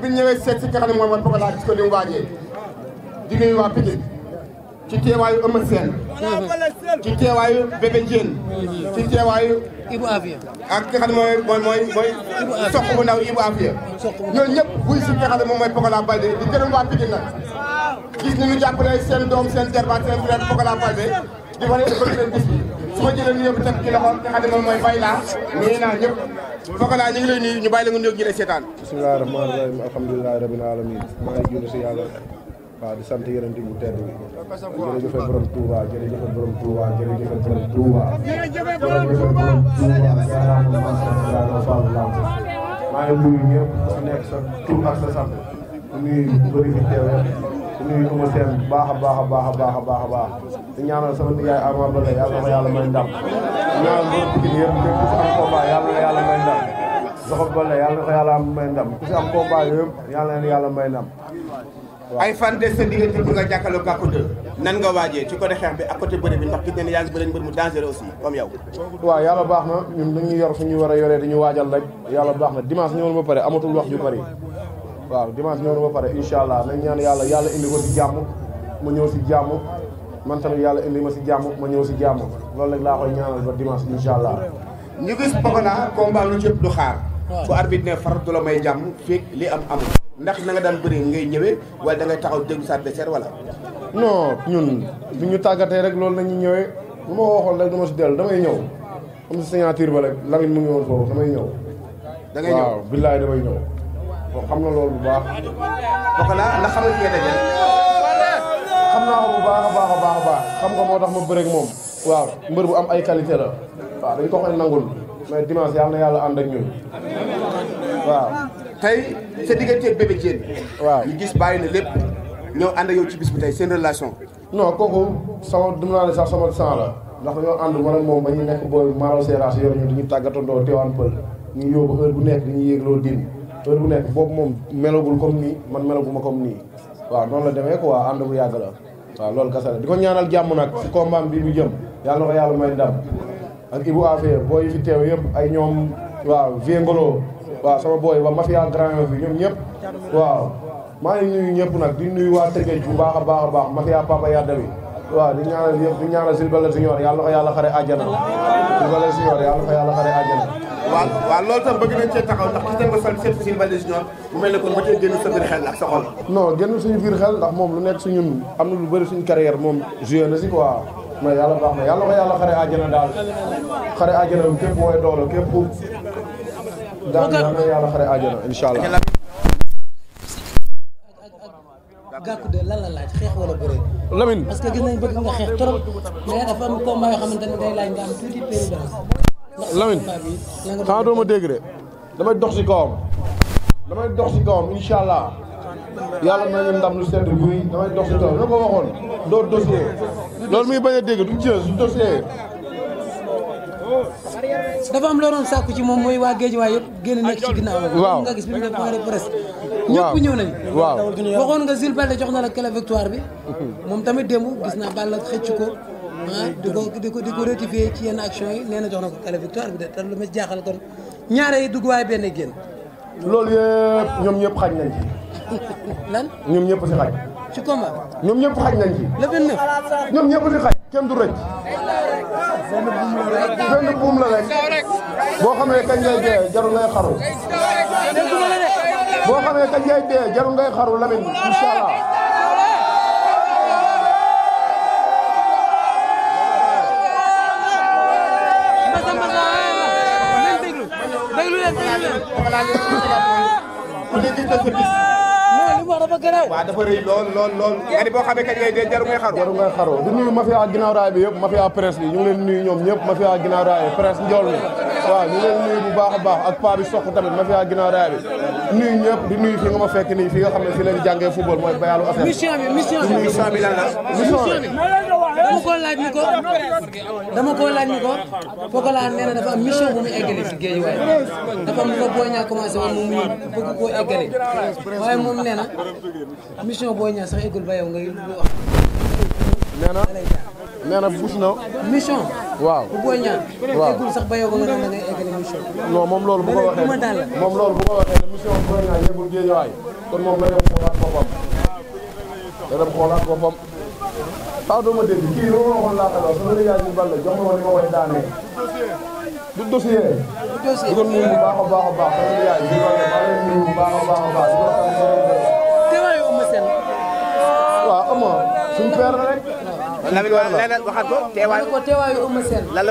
ginnaaw bi ñu ñëwee seet si nga xam ne mooy Wan Pokola gis ko ni mu waajee di nuyu waa Pikine ci teewaayu mooy mooy soq bu ndaw Ibou Afia ñooñu ñëpp buy si nga xam ne moom mooy Pokola Baldé di gërëm waa Pikine nag gis ni ñu jàppale seen doom seen jarbaat seen frère Pokola Baldé di wane bëgg leen bis bi su ma jëlee nuyoo bi teg ci loxo nga xam ne moom mooy bay laa nuyu naa ñëpp foog ñu ngi lay nuyu ñu bàyyi la nga nuyoog ñu lay seetaan. bisimilah rahmaani rahiim alhamdulilah alamin maa ngi julli si yàlla waaw di sant yonent bu tedd bi jërëjëf borom Touba jërëjëf borom Touba jërëjëf borom Touba jërëjëf borom Touba jaaraama Fall Lamp maa ngi nuyu ñëpp ku nekk sa tur ak sa sant di nuyu bëri fi teew di a baax a baax a baax a baax di ñaanal sama nijaay Ama Baldé yàlla na yàlla may ndam di ñaanal mbër Pikine yëpp képp ku si am combat yàlla na yàlla may ndam Soxna Baldé yàlla na yàlla may ndam ku si am combat yëpp yàlla na yàlla may ndam. ay fan de sa diggante bi nga jàkkaarloo Gackou 2 nan nga waajee ci côté xeex bi ak côté bëre bi ndax gis nañ ne yaa ngi bëre mbër mu dangereux aussi comme baax na ñun dañuy yor fu ñu war a yoree dañu waajal rek yàlla baax na dimanche ñëwoon ba pare amatul wax ju bari waaw dimanche ñëwoon ba pare incha allah nañ ñaan yàlla yàlla indi ko si jàmm mu ñëw si jàmm man tamit yàlla indi ma si jàmm ma ñëw si jàmm loolu rek laa koy ñaanal ba dimanche incha allah. ñu gis Pokola combat lu cëpp du xaar. bu arbitre ne far may jàmm fekk li am amul. ndax na nga daan bëri ngay ñëwee wala da ngay taxaw déglu sa adversaire wala. non ñun bu ñu tàggatee rek loolu la ñuy ñëwee lu ma waxoon rek dama si dellu damay ñëw am si signature ba rek Lamine mu damay ñëw. da ngay ñëw waaw billaay damay ñëw. xam na loolu bu baax. Pokola ndax xam nga fi nga xam naa ko bu baax a baax baax baax xam nga moo tax ma bëreeg moom waaw mbër bu am ay qualité la waaw dañ ko koy nangul mais dimanche yàlla na yàlla ànd ak ñun waaw tey sa diggante bébé waaw ñu gis bàyyi na lépp ñëw ànd ak yow ci bis bi tey seen relation non kooku sama dum naa ne sax sama sang la ndax dañoo ànd man ak moom ba ñu nekk booy maaro séerag yor ñu dañuy tàggatandoo teewaan pël ñu yóbbu heure bu nekk dañuy yéeg loolu din heure bu nekk boobu moom melagul man melaguma comme nii waaw noonu la demee quoi ànd bu yàgg la waaw loolu kese la di ko ñaanal jàmm nag si combat bi bu jëm yàlla na ko yàlla may ndam ak Ibou Afé booy fi teew yëpp ay ñoom waaw Viengolo waaw sama booy ba mafia grand yof yi ñoom ñëpp waaw maa ngi ñëpp nag di nuyu waa Tëngéej bu baax a baax a baax mafia Papa Yadda bi waaw di ñaanal yëpp di ñaanal Silbala Signor yàlla na ko yàlla xare àjjana Silbala Signor yàlla na ko xare àjjana waaw waaw loolu tam bëgg nañ cee taxaw ndax gis nañ ko sol seet si Balla Junior bu mel ne kon ba cee génn sa biir xel ak sa xol non génn suñu biir xel ndax moom lu nekk ñun am na lu bëri suñu carrière moom joué na si quoi mais yàlla baax na yàlla ko yàlla xare àjjana daal xare àjjana bi képp wooy doole képp daal na yàlla xare àjjana incha allah gàkku de lan la laaj xeex wala bëre. Lamine parce que gis nañ bëgg nga xeex trop mais dafa am combat Lamine xanaa doo ma dégg de damay dox si kawam damay dox si kawam incha allah yàlla may leen ndam lu sedd guy damay dox si kawam na ko waxoon doo dossier loolu muy bañ a dégg du jël du dafa am loo doon sàkku ci moom mooy waa géej waay yëpp génn nekk ci ginnaaw waaw nga gis bi waaw waxoon nga Jules Baldé jox na la clé victoire bi moom tamit démb gis naa Balla xëcc ko ah di ko di ko di ko ci yenn action yi nee na jox na ko kala victoire bi de te lu ma jaaxal kon ñaare dugg waaye benn génn. loolu yëpp ñoom ñëpp xañ nañ ci. lan ñoom ñëpp si xaj. ci combat ñoom ñëpp xañ nañ ci. le 29 ñoom ñëpp si xaj kenn du rek boo xamee kañ ngay dee jarul boo xamee kañ ngay dee jarul ngay xaru Lamine incha allah. Mbassa Mbassa leen déglu dafa a. waaw dafa rëy lool lool lool. nga boo xamee kañ jaru ngay xaru. jaru ngay xaru di nuyu mafia ginnaaw raay bi yëpp mafia presse bi ñu leen nuyu ñoom ñëpp mafia ginnaaw raay presse njool mi waaw ñu leen nuyu bu baax a baax ak paa bi tamit ma fi a ginnaaw raay bi nuyu ñëpp di nuyu fi nga ma fekk nii fi nga xam ne fi leen jàngee football mooy bayalu affaire mission mission mission mission dama ko laaj ni ko dama ko laaj ni ko Pokola nee na dafa am mission bu mu eggale si géej waaye dafa mu bëgg koo eggale waaye moom nee mission Boy sax eggul ba yow nga wax. nee na nee na bus na. mission. waaw bu Boy Niang. eggul sax ba yow ba nga doon da eggale mission. non moom loolu bu ko waxee moom loolu bu a waxee yeggul géej waaye kon moom la dem xoolaat boppam. da xaw doo ma dégg kii lu ma waxoon laata Balla jox ma ma koy daanee du dossier di ko nuyu bu baax a baax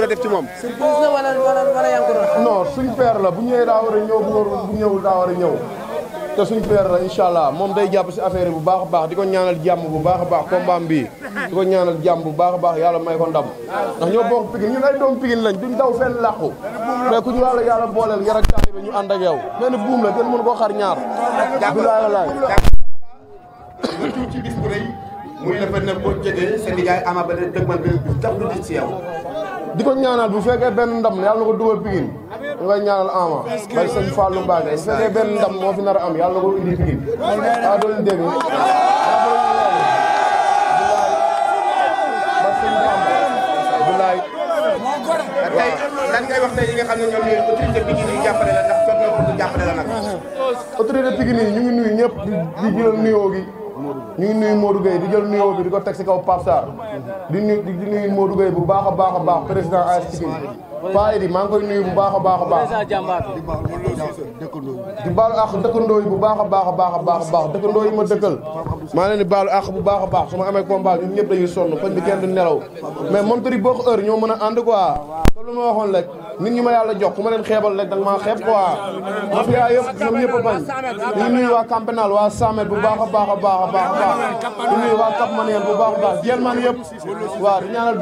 def ci moom surprise la wala wala wala yaa ngi ko bu ñëwee daa war a bu ñëwul daa war a ñëw te suñ père la incha allah moom day jàpp si affaire bu baax baax di ko ñaanal jàmm bu baax a baax combat bi di ko ñaanal jàmm baax a baax yàlla may ko ndam ndax ñoo bokk Pikine ñun ay doom Pikine lañ duñ daw fenn làqu mais ku ñu wàlla yàlla booleel yar ak taalibe ñu ànd ak yow benn buum la kenn mënu koo xar ñaar bilaay laay ci bis bu rëy muy le fait ne boo jógee sa nijaay Ama Baldé dëgg man bi daf du di si ko ñaanal bu fekkee benn ndam yàlla na ko dugal ñu ngay ñaanal Ama bari sëñ Fallou Mbacke bu fekkee benn ndam moo fi nar a am yàlla ko indi Pikine wa doon yi jàppale la na ko jàppale nag. autorité Pikine yi ñu ngi nuyu ñëpp di di jël nuyoo gi. ñu ngi nuyu moo Gueye di jël nuyoo bi di ko teg si kaw Pape di nuyu di nuyu moo Gueye bu baax a baax a baax président AS Pikine Paa Idi maa ngi koy nuyu bu baax a baax a baax. di baalu àq dëkkandoo yi bu baax a baax a baax a baax a baax dëkkandoo yi ma dëkkal. maa leen di baalu àq bu baax a baax su ma amee combat ñun ñëpp dañuy sonn koñ bi kenn du nelaw mais moom tëri bokk heure ñoo mën a ànd quoi. comme lu ma waxoon rek nit ñi ma yàlla jox ku ma leen xeebal rek da nga maa xeeb quoi. mafia yëpp ñoom ñëpp a bañ ñu nuyu waa Camp Pénal waa Samet bu baax a baax a baax a baax a ñu nuyu waa Cap Manuel bu baax a baax jeen man yëpp waaw di ñaanal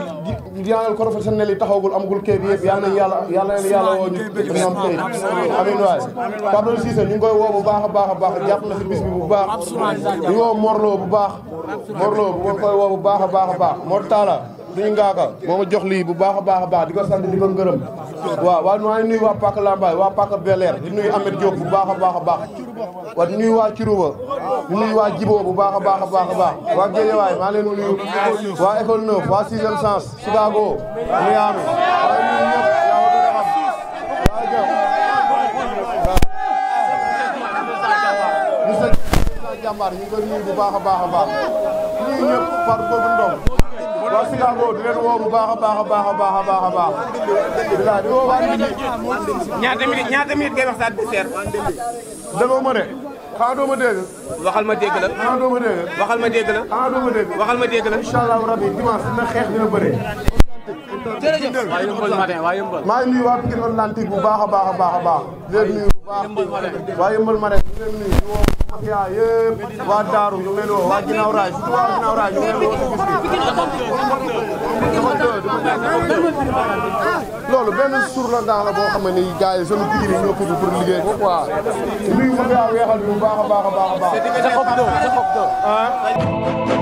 di ñaanal professionnel yi taxawgul amgul kii bi yëpp yàlla nañu yàlla yàlla nañu yàlla woo ñu ñoom tey amiin waay Pablo Cissé ñu ngi koy woo bu baax a baax a baax jàpp na si bis bi bu baax di woo Morlo bu baax Morlo bu koy woo bu baax a baax a baax Mor Talla duñu ngaaka moo ma jox lii bu baax a baax a baax di ko sant di ko ngërëm waaw waaw maa ngi nuyu waa Pàkk Lambaay waa Pàkk Bel-Air di nuyu Amed Diop bu baax a baax a baax waaw di nuyu waa Curuba di nuyu waa Jiboo bu baax a baax a baax a baax waa Géejawaay maa leen nuyu waa école neuf waa sixième sens Chicago Miami jàmbaar ñu ngi bu baax a baax a baax nuyu ñëpp par boobu ndoom waa Chicago di leen woo bu baax a baax a baax a baax a baax a baax bilaay di woo waa nit ñi ñaata minute ñaata minute ngay wax sa adversaire déggoo ma de xanaa doo ma dégg waxal ma dégg la xanaa doo ma dégg la xanaa doo ma dégg waxal ma dégg la incha allahu rabi dimanche dina xeex dina bëre jërëjëf waaye yëmbal matin waaye yëmbal maa ngi nuyu waa bu baax a baax a baax a baax leen nuyu bu baax waaye yëmbal matin leen nuyu mafia yëpp waa Daaru ñu mel woo waa ginnaaw raay waa ginnaaw raay ñu mel woo ci bis loolu benn suur la ndax la boo xam ne gars yi seen Pikine ñoo pour pour liggéey ko quoi nuyu ma gaa weexal bu baax a baax a baax a baax